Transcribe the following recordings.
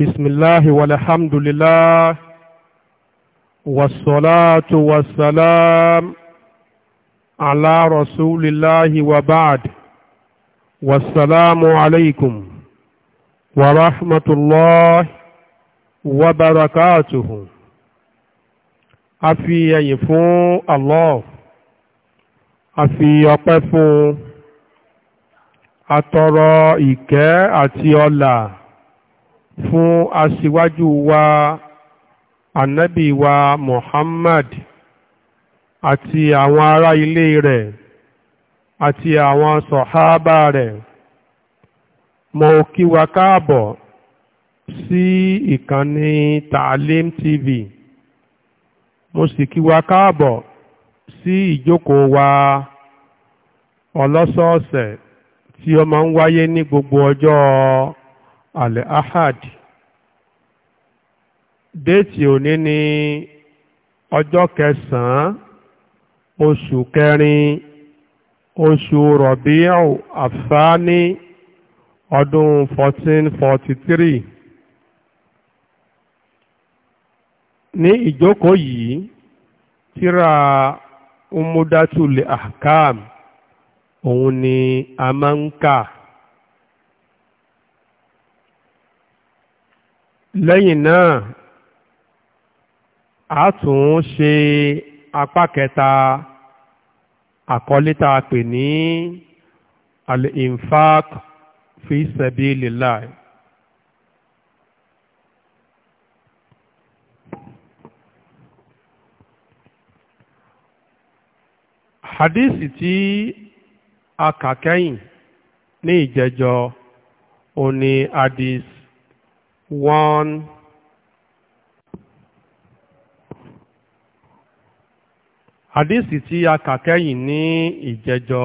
بسم الله والحمد لله والصلاة والسلام على رسول الله وبعد والسلام عليكم ورحمة الله وبركاته أفي يفون الله أفي يقفون أترى إكاء أتي الله fún aṣíwájú wa ànábì wa Muhammad àti àwọn ará ilé rẹ̀ àti àwọn sọ̀hábà rẹ̀ mo kí wa káàbọ̀ sí ìkànnì Taalim TV mo sì kí wa káàbọ̀ sí ìjókòó wa ọlọ́sọ̀ọ̀sẹ̀ tí ó máa ń wáyé ní gbogbo ọjọ́ al-ahad déètì òní ní ọjọ́ kẹsàn-án oṣù kẹrin oṣù rọ̀bíọ̀ àfáàní ọdún 1443 ní ìjókò yìí tíra umudatul ahkam òun ni a máa ń kà lẹ́yìn náà a tún ṣe apá kẹta àkọlé a pè ní al-infaq fi sabilillah hadisi tí a kà kẹ́yìn ní ìjẹjọ òní hadisi one àdísì tí a kà kẹ́yìn ní ìjẹjọ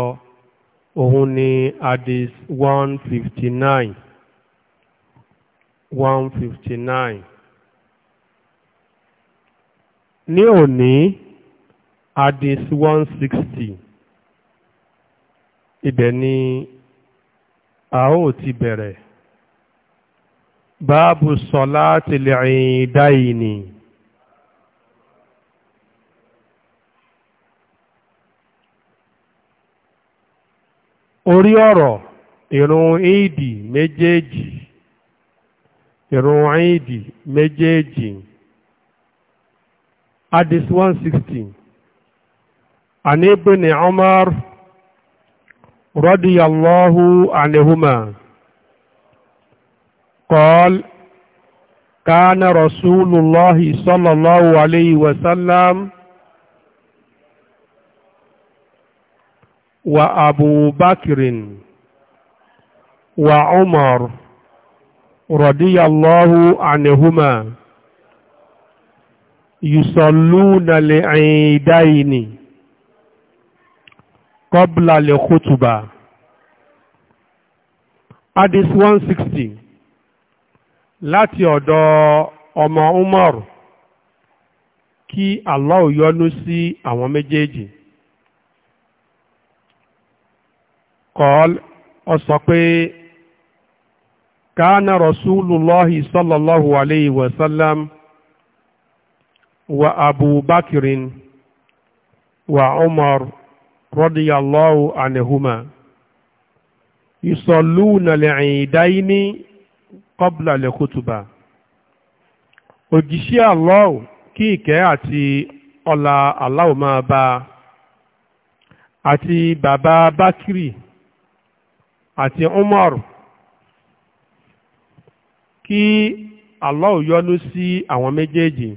òun ni àdís one fifty nine one fifty nine ní òní àdís one sixty ibẹ̀ ni a ó ti bẹ̀rẹ̀. باب صلاة العيدين orí ọ̀rọ̀ ìrun ìdì méjèèjì ìrun ìdì méjèèjì 160 عن ابن عمر قال كان رسول الله صلى الله عليه وسلم وأبو بكر وعمر رضي الله عنهما يصلون العيدين قبل الخطبة حديث 160 láti ọ̀dọ̀ ọmọ Umar kí Allah yọ́nú sí àwọn méjèèjì kọ́l ó sọ pé kánà rasulullahi sallallahu alayhi wa sallam wa abu bakirin wa umar radiyallahu anihuma yusalluna li'idaini kọ́bùlà lẹ́kùtùbà òjíṣẹ́ Allah kí ìkẹ́ àti ọlá Allah máa bá àti bàbá Bákírì àti Umar kí Allah yọ́nú sí àwọn méjèèjì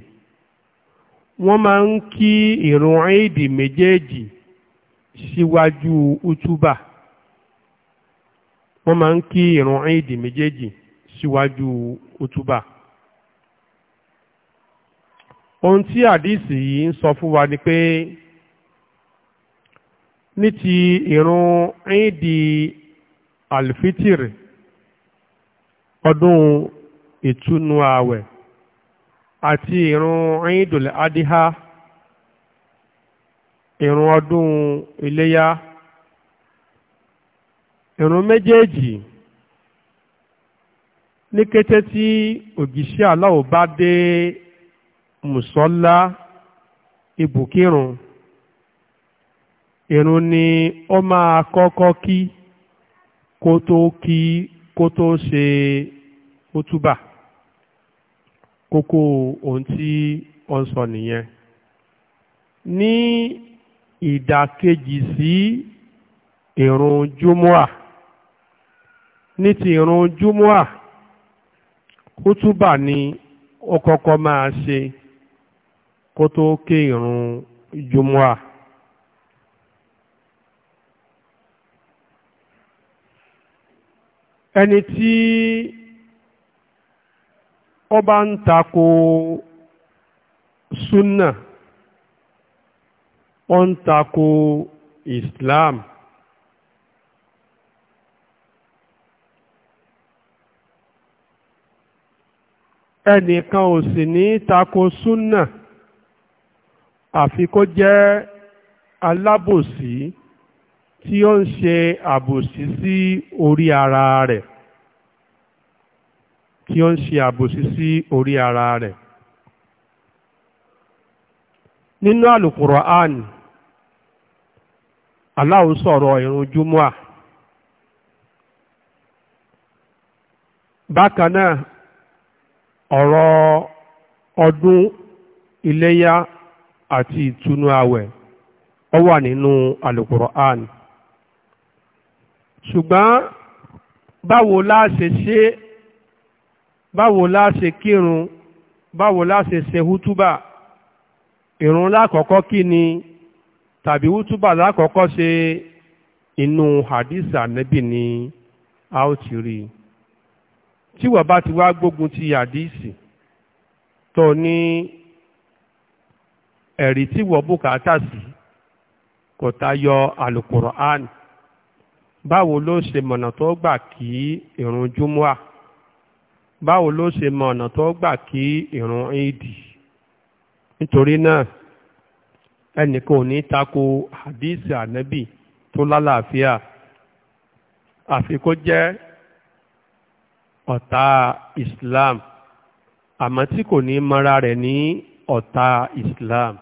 wọ́n máa ń kí ìrun éèdì méjèèjì síwájú utuba wọ́n máa ń kí ìrun éèdì méjèèjì. Siwaju utuba. ohun tí àdísì yìí ń sọ fún wa ni pé ní ti ìrun ìdí alfitir ọdún ìtúnu ààwẹ̀ àti ìrun ìdùl adíhá ìrun ọdún iléyá ìrun méjèèjì ní kété tí ògìṣẹ́ aláwọ̀ bá dé mùsọ́lá ibùkírun ìrun ni ó máa kọ́kọ́ kí kó tó kí kó tó ṣe kótúbà kókó ohun tí ó ń sọ nìyẹn ní ìdàkejì sí ìrun júmọ́à ní ti ìrun júmọ́à kútúbà ni ó kọ́kọ́ máa ṣe kó tó ké ìrun jùmọ́à ẹni tí ó bá ń tako súnà ó ń tako Islam. ẹnìkan ò sì ní tako súnà àfi kó jẹ́ alábòsí tí ó ń ṣe àbòsí sí orí ara rẹ̀ tí ó ń ṣe àbòsí sí orí ara rẹ̀ nínú Al-Qur'an Allah sọ̀rọ̀ ìrun júmọ́à bákan ọ̀rọ̀ ọdún iléyá àti ìtúnú àwẹ̀ ó wà nínú alukur'an ṣùgbọ́n báwo láṣe ṣe báwo láṣe kírun báwo láṣe ṣe hútúbà ìrun lákọ̀ọ́kọ́ kí ni tàbí hútúbà lákọ̀ọ́kọ́ ṣe inú hadith ànábì ni a ó ti rí i tí wọ́n bá ti wá gbógun ti àdíìsì tó ní ẹ̀rí tí wọ́n bùkátà sí kò tayọ alukur'an báwo ló ṣe mọ̀nà tó gbà kí ìrun júmọ́à báwo ló ṣe mọ̀nà tó gbà kí ìrun ìdì nítorí náà ẹnìkan ò ní tako àdíìsì ànábì tó lálàáfíà àfi jẹ́ ọ̀tá Islam àmọ́ tí kò ní mara rẹ̀ ní ọ̀tá Islam.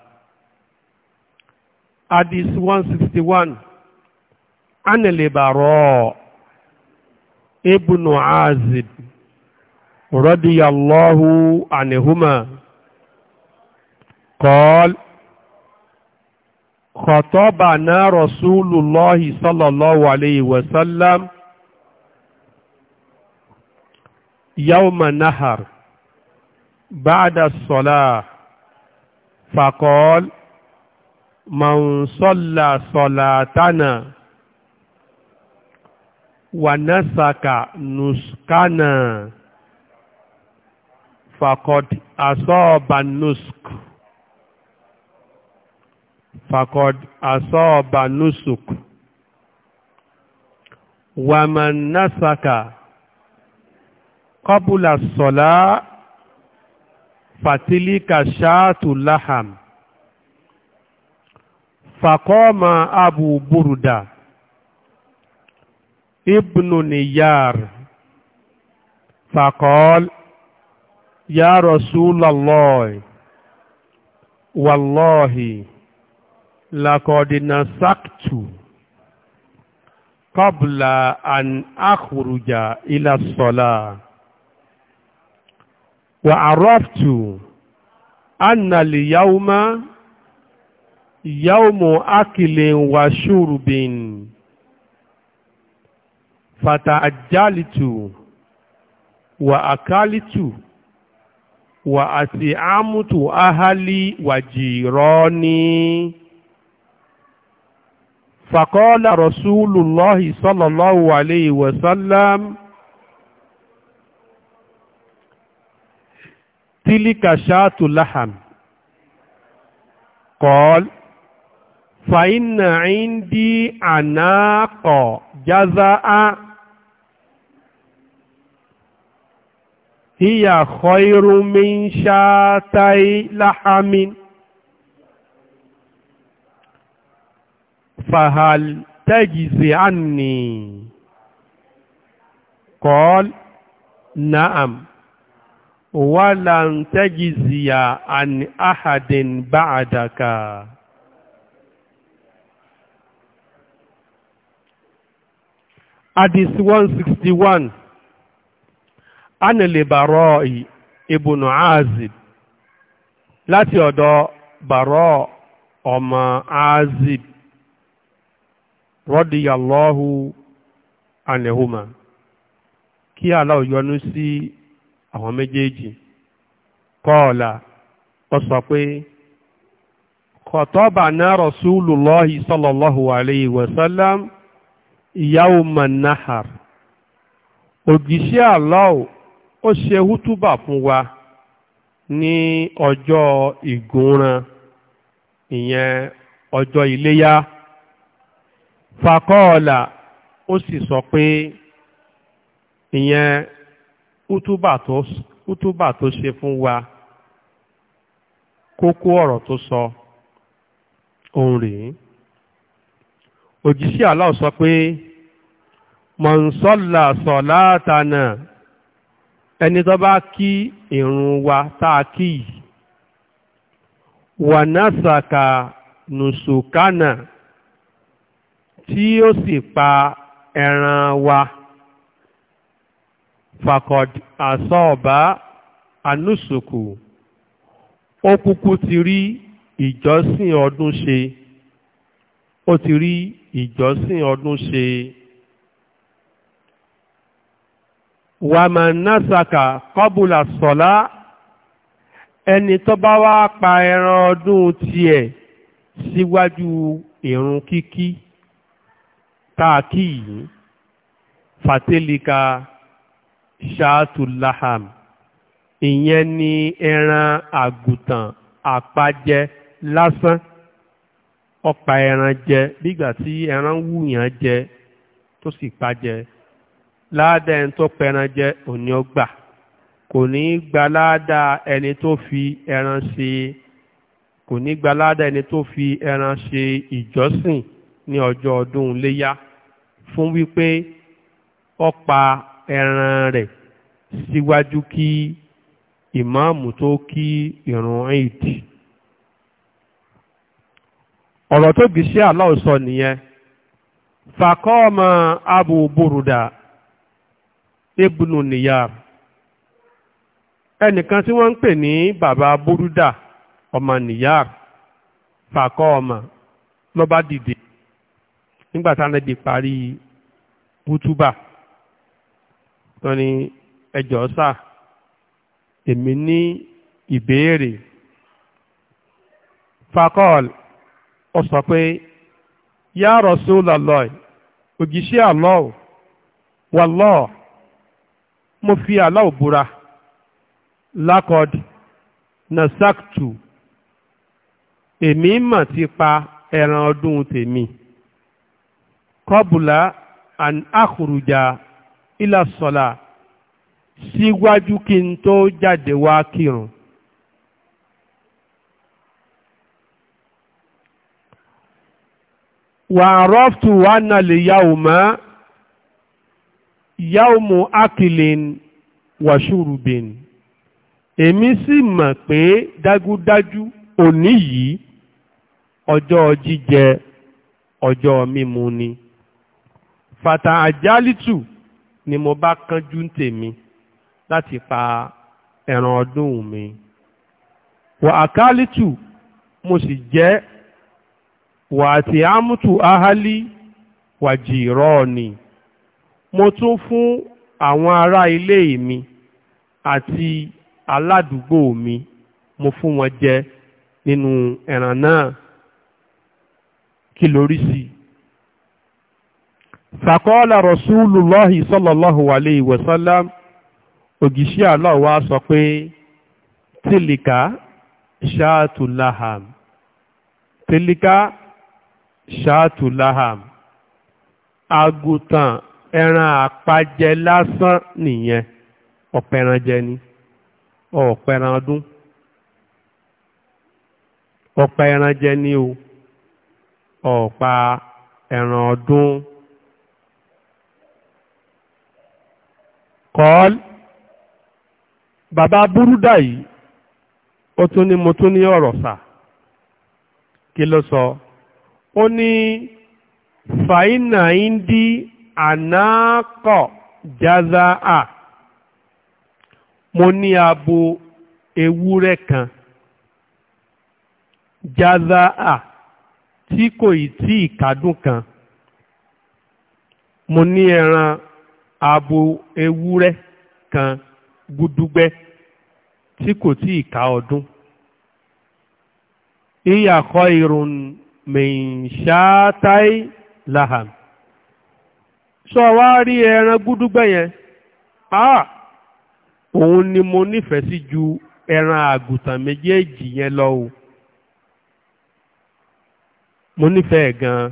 Hadith 161 Anilibaro Ibn Azib radiyallahu anihuma قال خطبنا رسول الله صلى الله عليه وسلم يوم النهر بعد الصلاة فقال من صلى صلاتنا ونسك نسكنا فقد أصاب النسك فقد أصاب النسك ومن نسك kọ́bùlà sọ̀lá fàtílíkà ṣáàtù láhàm fàkọ́ọ̀mà abu burda ibnu niyar fàkọ́ọ̀lù يا رسول الله والله لقد نسكت قبل أن أخرج إلى الصلاة وعرفت أن اليوم يوم أكل وشرب فتعجلت وأكلت وأطعمت أهلي وجيراني فقال رسول الله صلى الله عليه وسلم تلك شاة لحم قال فإن عندي أناق جزاء هي خير من شاتي لحم فهل تجزي عني قال نعم walan tajiziya an ahadin ba'adaka hadis 161 an al-Bara'i ibn Azib láti ọ̀dọ̀ Bara' ọmọ Azib radiyallahu anhuma kí ala yọ́nú sí àwọn méjèèjì kọ́ọ̀là ó sọ pé kọ̀tọ́bà náà Rasulullahi sallallahu alayhi wa sallam yawman ògìṣẹ́ àlọ́ọ̀ ó ṣe hútúbà fún wa ní ọjọ́ ìgúnran ìyẹn ọjọ́ iléyá fakọ́ọ̀là ó sì sọ pé ìyẹn útúbà tó útúbà tó ṣe fún wa kókó ọ̀rọ̀ tó sọ òun rèé òjíṣẹ́ aláwọ̀ sọ pé mọ̀nsọ́là sọ látànà ẹni tó bá kí ìrun wa tá a kí yìí wà násàkà nùsùkánà tí ó sì pa ẹran wa fakọd asọ́ọ̀bá anúsùkù ó kúkú ti rí ìjọsìn ọdún ṣe ó ti rí ìjọsìn ọdún ṣe wàmà násàkà kọ́bùlà sọ̀lá ẹni tó bá wá pa ẹran ọdún tiẹ̀ síwájú ìrun kíkí táàkì yìí fàtẹ́lìkà ṣáàtù laham ìyẹn ni ẹran àgùntàn àpajẹ lásán ọ̀pá ẹran jẹ bígbà tí ẹran wùyàn jẹ tó sì pajẹ láàdá ẹni tó pẹran jẹ òní ọgbà kò ní gba láàdá ẹni tó fi ẹran ṣe kò ní gba láàdá ẹni tó fi ẹran ṣe ìjọsìn ní ọjọ́ ọdún léyá fún wípé ọ̀pá ẹran rẹ̀ síwájú kí ìmáàmù tó kí ìrun ìdí ọ̀rọ̀ tó bí sí aláwọ̀ nìyẹn fàkọ́ọ̀mà abu buruda ibnu niyar ẹnìkan tí wọ́n ń pè ní bàbá buruda ọmọ niyar fàkọ́ọ̀mà ló bá dìde nígbàtà nẹ́bí parí bútúbà wọ́n ní ẹjọ́ sà èmi ní ìbéèrè fakọ́ọ̀lù ó sọ pé yá Rasulullah òjíṣẹ́ Allah wallahi mo fi Allah búra lakod nasaktu èmi mà ti pa ẹran ọdún tèmi kọbùlà an akhruja Ila sọla, ṣígwájúkín tó jáde wá kírùn-ún. Wàn rọ́ftù wá ná lè yá o wà ṣúrùbìn. Emi sì mọ̀ pé dágúdájú, òní yìí, ọjọ́ jíjẹ ọjọ́ mimuni. Fata ajálìtù ni mo bá kánjú ń tèmi láti pa ẹran ọdún mi wà àkálítù mo sì jẹ wà àti ámùtù áhálí wà jìrọ́ ni mo tún fún àwọn ará ilé mi àti aládùúgbò mi mo fún wọn jẹ nínú ẹran náà kí lórí sí i fàkọ́ọ́lá rọ̀súlùlọ́hì sọ́lọ́lọ́hù wàlé ìwọ̀sọ́lám ògìṣẹ́ àlọ́wà sọ pé tìlìkà ṣáàtùláhàm tìlìkà ṣáàtùláhàm àgùntàn ẹran àpajẹ lásán nìyẹn ọ̀pẹran jẹ ni ọ̀pẹran ọdún ọ̀pá ẹran jẹ ni o ọ̀pá ẹran ọdún. kọ́ọ́l bàbá búrúdà yìí ó tún ní mo tún ní ọ̀rọ̀ sà kí ló sọ ó ní fàínà indi ànákọ̀ jazaa mo ní abo ewúrẹ́ kan jazaa tí kò ì tí ìkádùn kan mo ní ẹran abo ewúrẹ́ kan gúdúgbẹ́ tí kò tí ì ká ọdún ìyàkọ́ irun mìíṣáátáì laham sọ wá rí ẹran gúdúgbẹ́ yẹn ah òun ni mo nífẹ̀ẹ́ sí ju ẹran àgùntàn méjèèjì yẹn lọ o mo nífẹ̀ẹ́ gan-an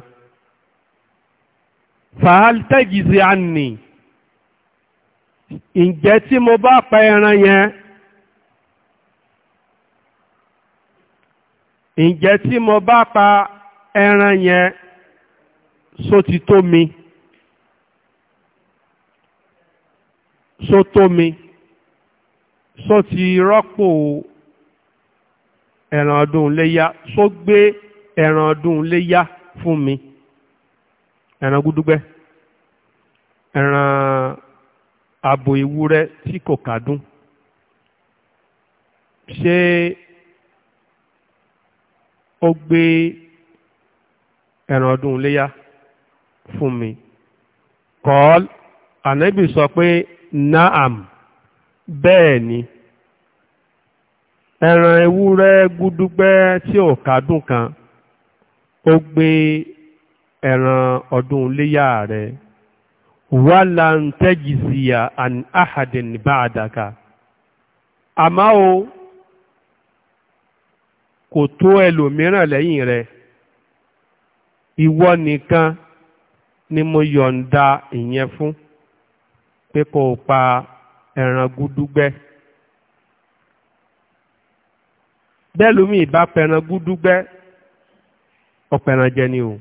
fàáltẹ́gìzì àní ǹjẹ́ tí mo bá pa ẹran yẹn ǹjẹ́ tí mo bá pa ẹran yẹn só ti tó mi só tó mi só ti rọ́pò ẹran ọdún léyá só gbé ẹran ọdún léyá fún mi ẹran gúdúgbẹ́ ẹran. abo ewúrẹ́ tí kò kádùn ṣé ó gbé ẹran ọdún léyá fún mi kọ́ọ́l ànábì sọ pé naam bẹ́ẹ̀ ni ẹran ewúrẹ́ gúdúgbẹ́ tí ò kádùn kan ó gbé ẹran ọdún iléyá rẹ̀ walan tajziya an ahadin ba'daka àmá o kò tó ẹlòmíràn lẹ́yìn rẹ ìwọ nìkan ni mo yọ̀ǹda ìyẹn fún pé kó o pa ẹran gúdúgbẹ́ bẹ́ẹ̀ lómi ìbá pẹran gúdúgbẹ́ ọ̀pẹ̀ràn jẹ ni o.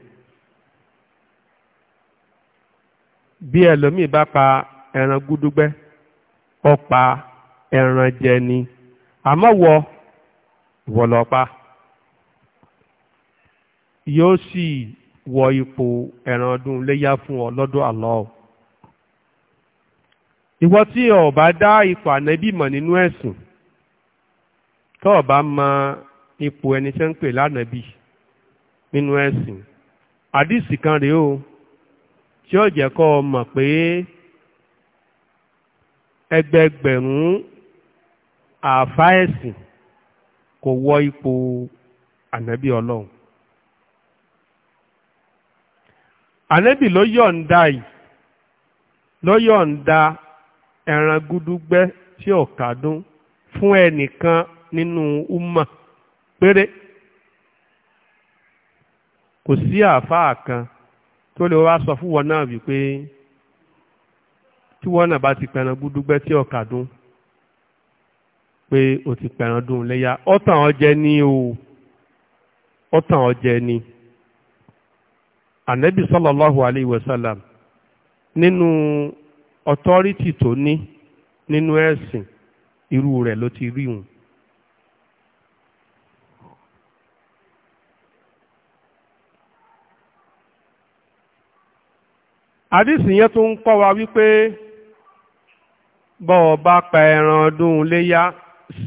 bí ẹlòmíì bá pa ẹran gúdúgbẹ́ ó pa ẹran jẹ ni àmọ́ wọ wọ lọ pa yóò sì wọ ipò ẹran ọdún léyà fún ọ lọ́dọ̀ Allah ìwọ tí o bá dá ipò ànábì mọ̀ nínú ẹ̀sìn tó o mọ ipò ẹni tẹ́ ń pè lánàbì nínú ẹ̀sìn àdìsí kan rèé o. tí ó jẹ́ kọ́ mọ̀ pé ẹgbẹgbẹ̀rún ẹ̀sìn kò wọ ipò ànábì ọlọ́run ànábì ló yọ̀ǹda yìí ló yọ̀ǹda ẹran gúdúgbẹ́ tí ọkadụn kádùn fún ẹnìkan nínú umma péré kò sí kan ó lè wá sọ fún wọn náà wípé tí wọn náà bá ti pẹran gbúdúgbẹ tí ọkà dún pé o ti pẹran dún léyà ọtàn ọjẹ ni o ọtàn ọjẹ ni ànẹ́bì sallallahu alayhi wa sallam nínú ọtọ́rítì tó ní nínú ẹ̀sìn irú rẹ̀ ló ti rí hùn àdìsí yẹn tún ń kọ́ wa wípé bọ́ ọ bá pa ẹran ọdún léyá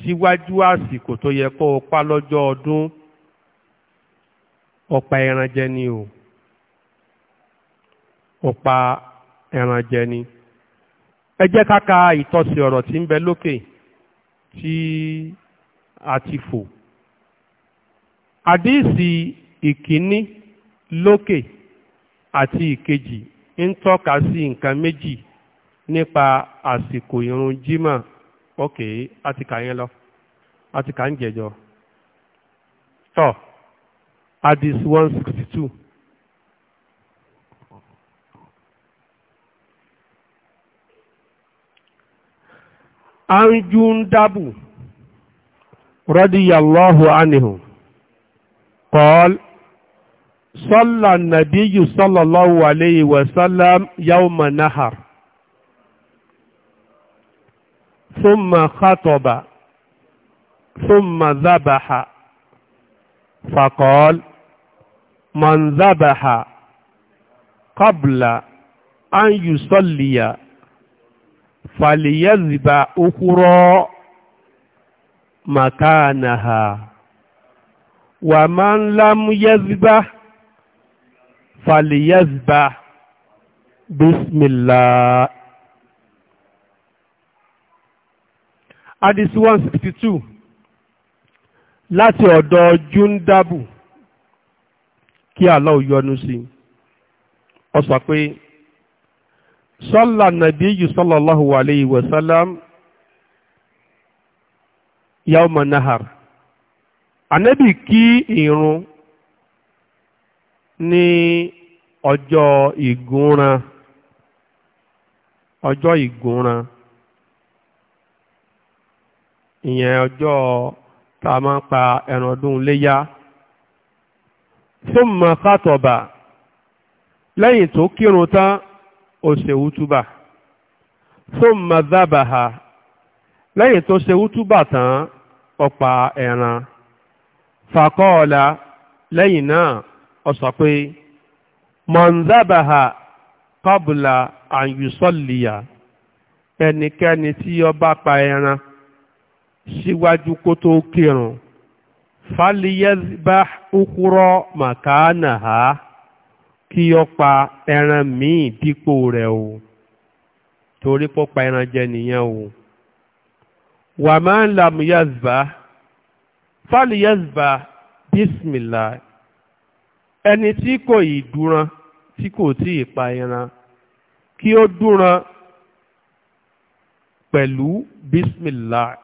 síwájú àsìkò tó yẹ kó o pa lọ́jọ́ ọdún ọ̀pá ẹran jẹ ni o ọ̀pá ẹran jẹ ni ẹ jẹ́ ká ìtọ́sí ọ̀rọ̀ tí ń bẹ lókè tí a ti fò àdìsí ìkíní lókè àti ìkejì ń tọ́ka sí nǹkan méjì nípa àsìkò ìrùn jímọ̀ ókè átìkà yẹn lọ tọ addis 162. anju ń anihu rọ́díyàlọ́hùn صلى النبي صلى الله عليه وسلم يوم نهر ثم خطب ثم ذبح فقال من ذبح قبل أن يصلي فليذبح أخرى مكانها ومن لم يذبح فليذبح بسم الله Hadith 162 láti ọ̀dọ̀ Júndábù kí Allah yọ́nú sí ó sọ pé sọ́là nàbí yìí sallallahu alayhi wa sallam yawma nahar ànábì kí ìrun ní ọjọ́ ìgúnran ọjọ́ ìgúnran ìyẹn ọjọ́ ta máa pa ẹran ọdún léyá fún mọ̀kátọ̀bà lẹ́yìn tó kírun tán ó ṣe wútúbà fún mọ̀dábàá lẹ́yìn tó ṣe wútúbà tán ó pa ẹran ó sọ pé mọ̀nzábàhà kọ́bùlà àyùsọ̀lìyà ẹnikẹ́ni tí ó bá pa ẹran síwájú kó tó kírun fàlìyẹ́bá ókúrọ́ màkánà ha kí ó pa ẹran míì dípò rẹ̀ o torí pó pa ẹran jẹ nìyẹn o wàmán làmúyẹ́zbà bísmìlá ẹni tí kò ì dúran tí kò tí ì pa ẹran kí ó dúran pẹ̀lú bísmìláì